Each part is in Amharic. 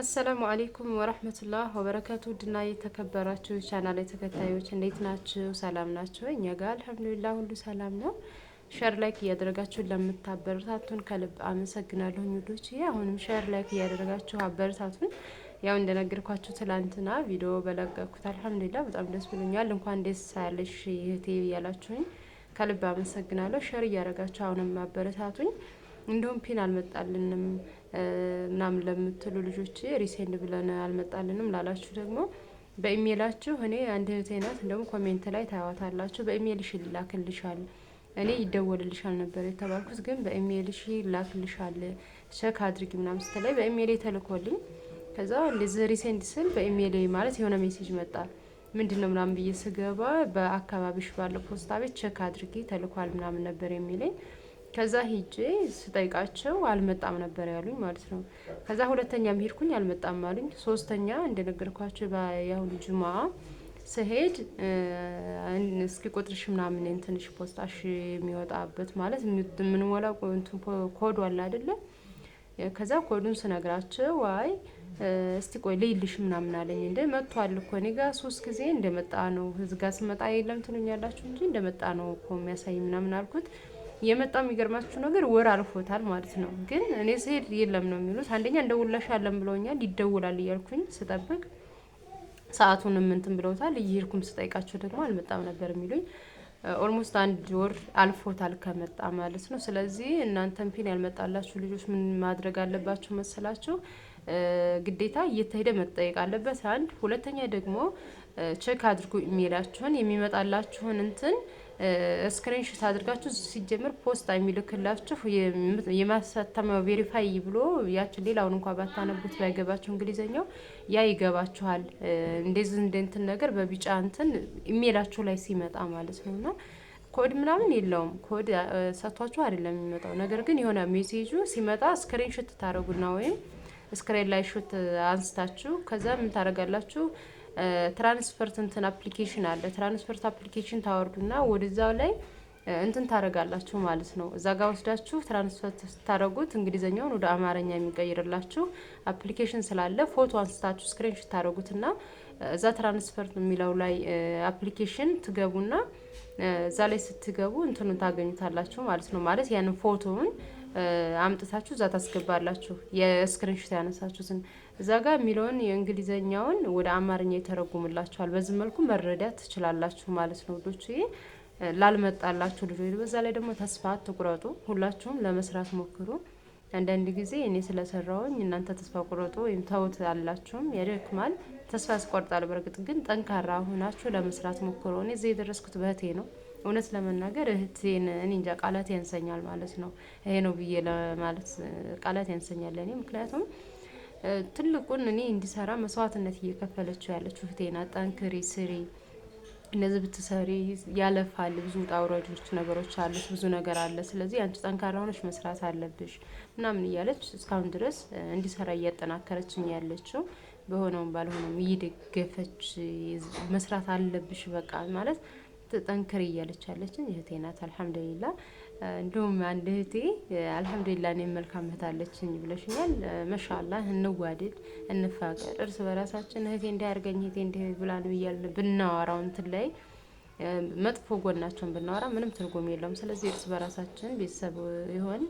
አሰላሙ አሌይኩም ወረህመቱላህ ወበረከቱ ድና የተከበራችሁ ቻናል ተከታዮች እንዴት ናችሁ? ሰላም ናችሁ? እኛ ጋር አልሐምዱሊላ ሁሉ ሰላም ነው። ሸር ላይክ እያደረጋችሁ ለምታበረታቱን ከልብ አመሰግናለሁ። ውዶች አሁንም ሸር ላይክ እያደረጋችሁ አበረታቱን። ያው እንደነገርኳችሁ ትላንትና ቪዲዮ በለቀኩት አልሐምዱሊላ በጣም ደስ ብሎኛል። እንኳን ደስ ያለሽ እህቴ እያላችሁኝ ከልብ አመሰግናለሁ። ሸር እያደረጋችሁ አሁንም አበረታቱኝ። እንዲሁም ፒን አልመጣልንም ምናምን ለምትሉ ልጆች ሪሴንድ ብለን አልመጣልንም ላላችሁ ደግሞ በኢሜላችሁ እኔ አንድ እህቴ ናት፣ እንደውም ኮሜንት ላይ ታያዋታላችሁ። በኢሜይልሽ ይላክልሻል፣ እኔ ይደወልልሻል ነበር የተባልኩት፣ ግን በኢሜይልሽ ይላክልሻል ቸክ አድርጊ ምናምን ስትላይ በኢሜል ተልኮልኝ፣ ከዛ እንደዚህ ሪሴንድ ስል በኢሜል ማለት የሆነ ሜሴጅ መጣ። ምንድን ነው ምናምን ብዬ ስገባ በአካባቢሽ ባለው ፖስታ ቤት ቸክ አድርጊ ተልኳል ምናምን ነበር የሚለኝ። ከዛ ሂጄ ስጠይቃቸው አልመጣም ነበር ያሉኝ ማለት ነው። ከዛ ሁለተኛም ሄድኩኝ አልመጣም አሉኝ። ሶስተኛ እንደነገርኳቸው በያሁን ጁማ ስሄድ እስኪ ቁጥርሽ ምናምን እንትንሽ ፖስታሽ የሚወጣበት ማለት የምንሞላ ኮዱ አለ አይደለ? ከዛ ኮዱን ስነግራቸው ዋይ እስቲ ቆይ ልይልሽ ምናምን አለኝ። እንደ መጥቷል እኮ እኔ ጋ ሶስት ጊዜ እንደመጣ ነው። ህዝጋ ስመጣ የለም ትሉኛላችሁ እንጂ እንደመጣ ነው እኮ የሚያሳይ ምናምን አልኩት። የመጣው የሚገርማችሁ ነገር ወር አልፎታል ማለት ነው። ግን እኔ ስሄድ የለም ነው የሚሉት። አንደኛ እንደውለሻለን ብለውኛል፣ ይደውላል እያልኩኝ ስጠብቅ ሰዓቱን ምንትን ብለውታል። እየሄድኩም ስጠይቃቸው ደግሞ አልመጣም ነበር የሚሉኝ። ኦልሞስት አንድ ወር አልፎታል ከመጣ ማለት ነው። ስለዚህ እናንተን ፒን ያልመጣላችሁ ልጆች ምን ማድረግ አለባችሁ መሰላችሁ? ግዴታ እየተሄደ መጠየቅ አለበት አንድ። ሁለተኛ ደግሞ ቼክ አድርጉ ኢሜላችሁን የሚመጣላችሁን እንትን ስክሪንሾት አድርጋችሁ ሲጀምር ፖስታ የሚልክላችሁ የማሳተሚያው ቬሪፋይ ብሎ ያችን ሌላውን እንኳ ባታነቡት ባይገባችሁ እንግሊዘኛው ያ ይገባችኋል። እንደዚህ እንደንትን ነገር በቢጫ እንትን ኢሜላችሁ ላይ ሲመጣ ማለት ነው እና ኮድ ምናምን የለውም። ኮድ ሰጥቷችሁ አይደለም የሚመጣው። ነገር ግን የሆነ ሜሴጁ ሲመጣ ስክሪንሾት ታደረጉና ወይም ስክሪን ላይ ሾት አንስታችሁ ከዛ ምን ታደረጋላችሁ ትራንስፈርት እንትን አፕሊኬሽን አለ። ትራንስፈርት አፕሊኬሽን ታወርዱና ወደዛው ላይ እንትን ታደረጋላችሁ ማለት ነው። እዛ ጋር ወስዳችሁ ትራንስፈርት ስታደረጉት እንግሊዘኛውን ወደ አማርኛ የሚቀይርላችሁ አፕሊኬሽን ስላለ ፎቶ አንስታችሁ ስክሪንሾት ታደረጉትና እዛ ትራንስፈርት የሚለው ላይ አፕሊኬሽን ትገቡና እዛ ላይ ስትገቡ እንትኑ ታገኙታላችሁ ማለት ነው። ማለት ያንን ፎቶውን አምጥታችሁ እዛ ታስገባላችሁ። የስክሪንሾት ያነሳችሁትን እዛ ጋር የሚለውን የእንግሊዘኛውን ወደ አማርኛ ይተረጉምላችኋል። በዚህ መልኩ መረዳት ትችላላችሁ ማለት ነው ውዶች። ላልመጣላችሁ ልጆች፣ በዛ ላይ ደግሞ ተስፋ አትቁረጡ። ሁላችሁም ለመስራት ሞክሩ። አንዳንድ ጊዜ እኔ ስለሰራውኝ እናንተ ተስፋ ቁረጡ ወይም ተውት አላችሁም፣ ያደክማል፣ ተስፋ ያስቆርጣል። በእርግጥ ግን ጠንካራ ሆናችሁ ለመስራት ሞክሩ። እኔ እዚህ የደረስኩት በህቴ ነው። እውነት ለመናገር እህቴን እኔ እንጃ ቃላት ያንሰኛል ማለት ነው። ይሄ ነው ብዬ ለማለት ቃላት ያንሰኛል እኔ ምክንያቱም ትልቁን እኔ እንዲሰራ መስዋዕትነት እየከፈለችው ያለችው እህቴ ጠንክሪ ስሪ፣ እነዚህ ብትሰሪ ያለፋል። ብዙ ውጣ ውረዶች ነገሮች አሉት፣ ብዙ ነገር አለ። ስለዚህ አንቺ ጠንካራ ሆነች መስራት አለብሽ ምናምን እያለች እስካሁን ድረስ እንዲሰራ እያጠናከረችኝ ያለችው በሆነውም ባልሆነውም እየደገፈች መስራት አለብሽ በቃ ማለት ትጠንክር እያለቻለችን እህቴ ናት። አልሐምዱሊላ እንዲሁም አንድ እህቴ አልሐምዱሊላ እኔም መልካም እህት አለችኝ ብለሽኛል። መሻላ እንዋደድ፣ እንፋቀር እርስ በራሳችን እህቴ እንዲያርገኝ እህቴ እንዲህ ብላን ብያልን ብናወራው እንትን ላይ መጥፎ ጎናቸውን ብናወራ ምንም ትርጉም የለውም። ስለዚህ እርስ በራሳችን ቤተሰብ ይሆን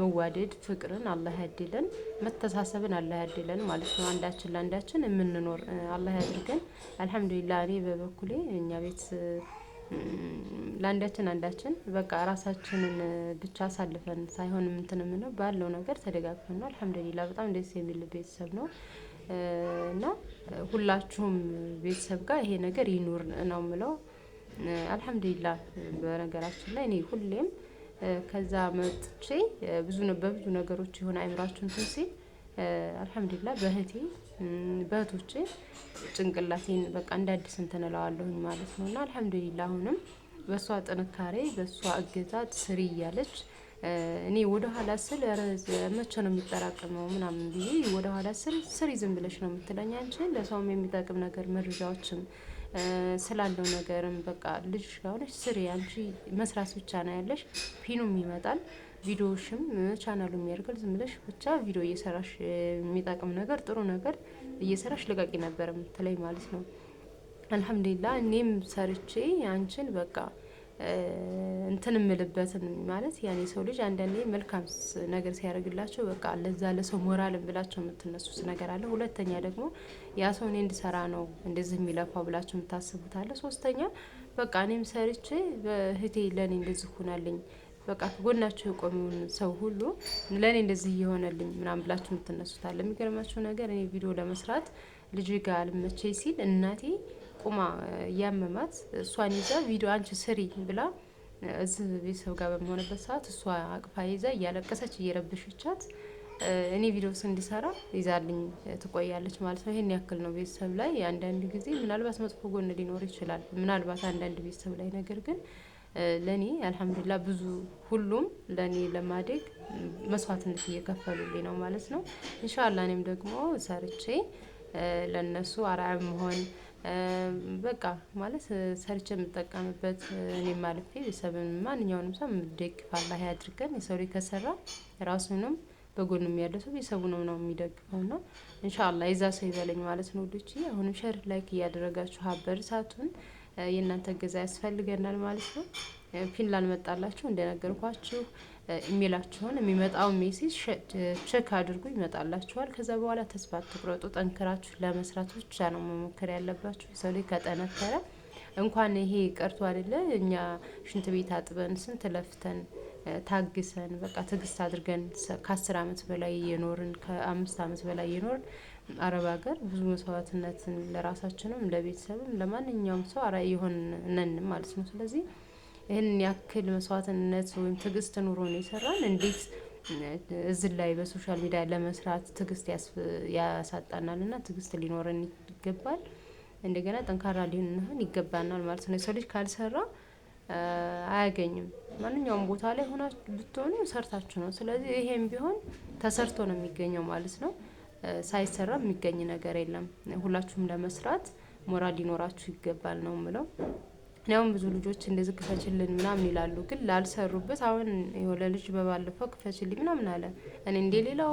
መዋደድ ፍቅርን አላህ ያድለን፣ መተሳሰብን አላህ ያድለን ማለት ነው። አንዳችን ለአንዳችን የምንኖር አላህ ያድርገን። አልሐምዱሊላ እኔ በበኩሌ እኛ ቤት ለአንዳችን አንዳችን በቃ ራሳችንን ብቻ አሳልፈን ሳይሆን የምንትን የምንለው ባለው ነገር ተደጋግፈን ነው። በጣም ደስ የሚል ቤተሰብ ነው እና ሁላችሁም ቤተሰብ ጋር ይሄ ነገር ይኑር ነው የምለው። አልሐምዱሊላ በነገራችን ላይ እኔ ሁሌም ከዛ መጥቼ ብዙ በብዙ ነገሮች የሆነ አይምራችሁን ትንሲል አልሐምዱሊላህ በእህቴ በእህቶቼ ጭንቅላቴን በቃ እንደ አዲስ እንትን እለዋለሁኝ ማለት ነው። እና አልሐምዱሊላህ አሁንም በእሷ ጥንካሬ በእሷ እገዛ ስሪ እያለች እኔ ወደ ኋላ ስል መቼ ነው የሚጠራቀመው ምናምን ብዬ ወደ ኋላ ስል ስሪ ዝም ብለሽ ነው የምትለኝ አንቺ ለሰውም የሚጠቅም ነገር መረጃዎችም ስላለው ነገርም በቃ ልጅ ሆነች ስሪ አንቺ መስራት ብቻ ነው ያለሽ ፒኑም ይመጣል ቪዲዮሽም ቻናሉ የሚያደርጋል። ዝም ብለሽ ብቻ ቪዲዮ እየሰራሽ የሚጠቅም ነገር ጥሩ ነገር እየሰራሽ ልቀቂ ነበር የምትለኝ ማለት ነው። አልሐምዱሊላ እኔም ሰርቼ አንቺን በቃ እንትን እምልበትን ማለት ያኔ ሰው ልጅ አንዳንዴ መልካም ነገር ሲያደርግላቸው በቃ ለዛ ለሰው ሞራል ብላቸው የምትነሱት ነገር አለ። ሁለተኛ ደግሞ ያ ሰው እኔ እንድሰራ ነው እንደዚህ የሚለፋው ብላቸው የምታስቡት አለ። ሶስተኛ በቃ እኔም ሰርቼ እህቴ ለእኔ እንደዚህ ሆናልኝ በቃ ከጎናችሁ የቆመውን ሰው ሁሉ ለእኔ እንደዚህ እየሆነልኝ ምናምን ብላችሁ የምትነሱታል። የሚገርማችሁ ነገር እኔ ቪዲዮ ለመስራት ልጅ ጋር አልመቼ ሲል እናቴ ቁማ እያመማት እሷን ይዛ ቪዲዮ አንቺ ስሪ ብላ እዚህ ቤተሰብ ጋር በመሆንበት ሰዓት እሷ አቅፋ ይዛ እያለቀሰች እየረብሽቻት እኔ ቪዲዮስ እንዲሰራ ይዛልኝ ትቆያለች ማለት ነው። ይሄን ያክል ነው ቤተሰብ ላይ። አንዳንድ ጊዜ ምናልባት መጥፎ ጎን ሊኖር ይችላል ምናልባት አንዳንድ ቤተሰብ ላይ ነገር ግን ለእኔ አልሐምዱላ ብዙ ሁሉም ለእኔ ለማደግ መስዋዕትነት እየከፈሉልኝ ነው ማለት ነው። እንሻላ እኔም ደግሞ ሰርቼ ለእነሱ አርአያ መሆን በቃ ማለት ሰርቼ የምጠቀምበት እኔ ማለፌ ቤተሰብን ማንኛውንም ሰው ደግፍ አላህ ያድርገን። የሰው ልጅ ከሰራ ራሱንም በጎን ያለ ሰው ቤተሰቡ ነው ነው የሚደግፈው እና እንሻላ የዛ ሰው ይበለኝ ማለት ነው። ልጅ አሁንም ሸር ላይክ እያደረጋችሁ አበረታቱን። የእናንተ እገዛ ያስፈልገናል ማለት ነው። ፊንላንድ መጣላችሁ እንደነገርኳችሁ ኢሜላችሁን የሚመጣው ሜሴጅ ቼክ አድርጉ፣ ይመጣላችኋል። ከዛ በኋላ ተስፋ አትቁረጡ። ጠንክራችሁ ለመስራት ብቻ ነው መሞከር ያለባችሁ። ሰው ላይ ከጠነከረ እንኳን ይሄ ቀርቶ አይደለ እኛ ሽንት ቤት አጥበን ስንት ለፍተን ታግሰን በቃ ትዕግስት አድርገን ከአስር አመት በላይ የኖርን ከአምስት አመት በላይ የኖርን አረብ ሀገር ብዙ መስዋዕትነትን ለራሳችንም ለቤተሰብም ለማንኛውም ሰው አራ የሆን ነን ማለት ነው። ስለዚህ ይህንን ያክል መስዋዕትነት ወይም ትዕግስት ነው የሰራን እንዴት እዚህ ላይ በሶሻል ሚዲያ ለመስራት ትዕግስት ያሳጣናል ና ትዕግስት ሊኖረን ይገባል። እንደገና ጠንካራ ሊሆን ይገባናል ማለት ነው። የሰው ልጅ ካልሰራ አያገኝም። ማንኛውም ቦታ ላይ ሆና ብትሆኑ ሰርታችሁ ነው። ስለዚህ ይሄም ቢሆን ተሰርቶ ነው የሚገኘው ማለት ነው። ሳይሰራ የሚገኝ ነገር የለም። ሁላችሁም ለመስራት ሞራል ሊኖራችሁ ይገባል ነው ምለው። ያውም ብዙ ልጆች እንደዚህ ክፈችልን ምናምን ይላሉ፣ ግን ላልሰሩበት አሁን የሆነ ልጅ በባለፈው ክፈችልኝ ምናምን አለ። እኔ እንደ ሌላው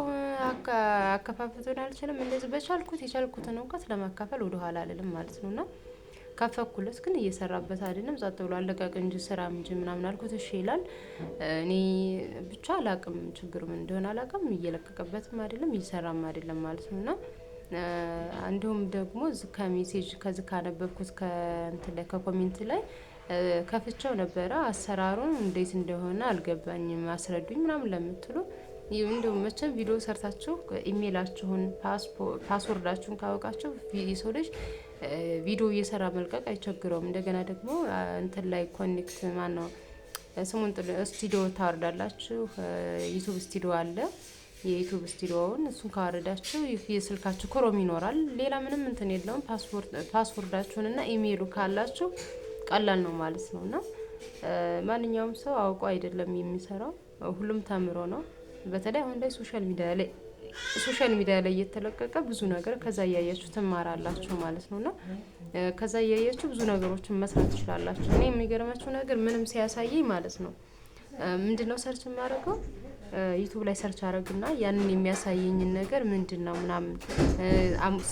አከፋፈቱን አልችልም፣ እንደዚህ በቻልኩት የቻልኩትን እውቀት ለማካፈል ወደኋላ አልልም ማለት ነውና ካፈኩለት ግን እየሰራበት አይደለም። ጸጥ ብሎ አለቃቅ እንጂ ስራ እንጂ ምናምን አልኩት። እሺ ይላል። እኔ ብቻ አላቅም፣ ችግሩ ምን እንደሆነ አላቅም። እየለቀቀበትም አይደለም እየሰራም አይደለም ማለት ነው እና እንዲሁም ደግሞ ከሜሴጅ ከዚህ ካነበብኩት ከእንትን ላይ ከኮሜንት ላይ ከፍቸው ነበረ። አሰራሩን እንዴት እንደሆነ አልገባኝም አስረዱኝ ምናምን ለምትሉ እንዲሁም መቼም ቪዲዮ ሰርታችሁ ኢሜይላችሁን ፓስወርዳችሁን ካወቃችሁ ሰው ልጅ ቪዲዮ እየሰራ መልቀቅ አይቸግረውም። እንደገና ደግሞ እንትን ላይ ኮኔክት ማነው ስሙን ስቱዲዮ ታወርዳላችሁ። ዩቱብ ስቱዲዮ አለ። የዩቱብ ስቱዲዮውን እሱን ካወረዳችሁ የስልካችሁ ክሮም ይኖራል። ሌላ ምንም እንትን የለውም። ፓስወርዳችሁን እና ኢሜይሉ ካላችሁ ቀላል ነው ማለት ነው እና ማንኛውም ሰው አውቆ አይደለም የሚሰራው፣ ሁሉም ተምሮ ነው። በተለይ አሁን ላይ ሶሻል ሚዲያ ላይ ሶሻል ሚዲያ ላይ እየተለቀቀ ብዙ ነገር ከዛ እያያችሁ ትማራላችሁ ማለት ነው እና ከዛ እያያችሁ ብዙ ነገሮችን መስራት ትችላላችሁ። እኔ የሚገርማችሁ ነገር ምንም ሲያሳየኝ ማለት ነው ምንድን ነው ሰርች የማደርገው ዩቱብ ላይ ሰርች አደረግና ያንን የሚያሳየኝን ነገር ምንድን ነው ምናምን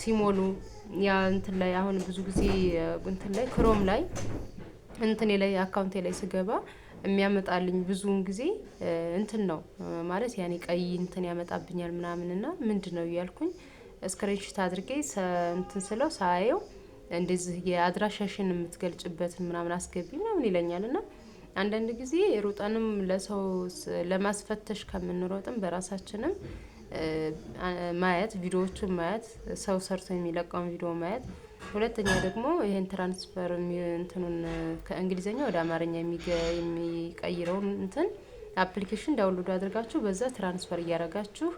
ሲሞሉ ያ እንትን ላይ አሁን ብዙ ጊዜ እንትን ላይ ክሮም ላይ እንትኔ ላይ አካውንቴ ላይ ስገባ የሚያመጣልኝ ብዙውን ጊዜ እንትን ነው ማለት ያኔ ቀይ እንትን ያመጣብኛል ምናምን እና ምንድነው እያልኩኝ ስክሪንሾት አድርጌ እንትን ስለው ሳየው እንደዚህ የአድራሻሽን የምትገልጭበትን ምናምን አስገቢ ምናምን ይለኛል ና አንዳንድ ጊዜ ሩጠንም ለሰው ለማስፈተሽ ከምንሮጥም በራሳችንም ማየት ቪዲዮዎቹን ማየት ሰው ሰርቶ የሚለቀውን ቪዲዮ ማየት ሁለተኛ ደግሞ ይህን ትራንስፈር እንትኑን ከእንግሊዝኛ ወደ አማርኛ የሚቀይረውን እንትን አፕሊኬሽን ዳውንሎድ አድርጋችሁ በዛ ትራንስፈር እያደረጋችሁ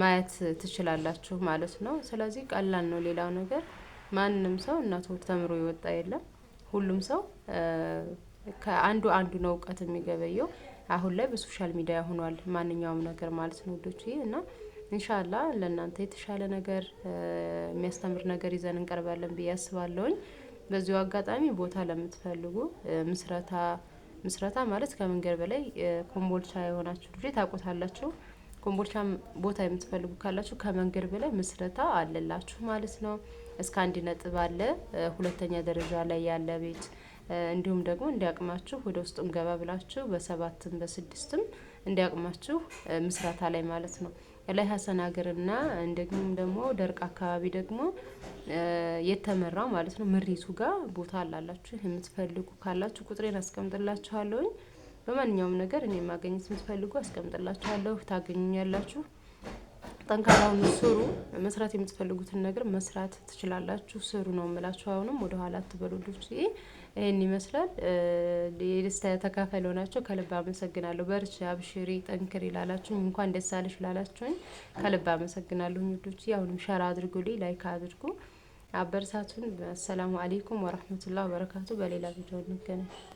ማየት ትችላላችሁ ማለት ነው። ስለዚህ ቀላል ነው። ሌላው ነገር ማንም ሰው እናቱ ተምሮ የወጣ የለም። ሁሉም ሰው ከአንዱ አንዱ ነው እውቀት የሚገበየው። አሁን ላይ በሶሻል ሚዲያ ሆኗል ማንኛውም ነገር ማለት ነው። ዶች እና እንሻላ ለእናንተ የተሻለ ነገር የሚያስተምር ነገር ይዘን እንቀርባለን ብዬ አስባለሁኝ። በዚሁ አጋጣሚ ቦታ ለምትፈልጉ ምስረታ ምስረታ ማለት ከመንገድ በላይ ኮምቦልቻ የሆናችሁ ልጆች ታውቁታላችሁ። ኮምቦልቻ ቦታ የምትፈልጉ ካላችሁ ከመንገድ በላይ ምስረታ አለላችሁ ማለት ነው። እስከ አንድ ነጥብ አለ፣ ሁለተኛ ደረጃ ላይ ያለ ቤት እንዲሁም ደግሞ እንዲያቅማችሁ ወደ ውስጡም ገባ ብላችሁ በሰባትም በስድስትም እንዲያቅማችሁ ምስራታ ላይ ማለት ነው። ላይ ሀሰን ሀገርና እንደግም ደግሞ ደርቅ አካባቢ ደግሞ የተመራው ማለት ነው ምሪቱ ጋር ቦታ አላላችሁ የምትፈልጉ ካላችሁ ቁጥሬን አስቀምጥላችኋለሁኝ። በማንኛውም ነገር እኔ ማገኘት የምትፈልጉ አስቀምጥላችኋለሁ፣ ታገኙኛላችሁ። ጠንካራውን ስሩ። መስራት የምትፈልጉትን ነገር መስራት ትችላላችሁ። ስሩ ነው የምላችሁ። አሁንም ወደኋላ አትበሉ። ይህን ይመስላል። የደስታ ተካፋይ ለሆናቸው ከልብ አመሰግናለሁ። በርች አብሽሪ፣ ጠንክሪ ላላችሁኝ እንኳን ደስ አለሽ ላላችሁኝ ከልብ አመሰግናለሁ። ውዶች አሁንም ሸራ አድርጉልኝ፣ ላይክ አድርጉ፣ አበረታቱን። አሰላሙ አሌይኩም ወረህመቱላህ ወበረካቱ። በሌላ ቪዲዮ እንገናኝ።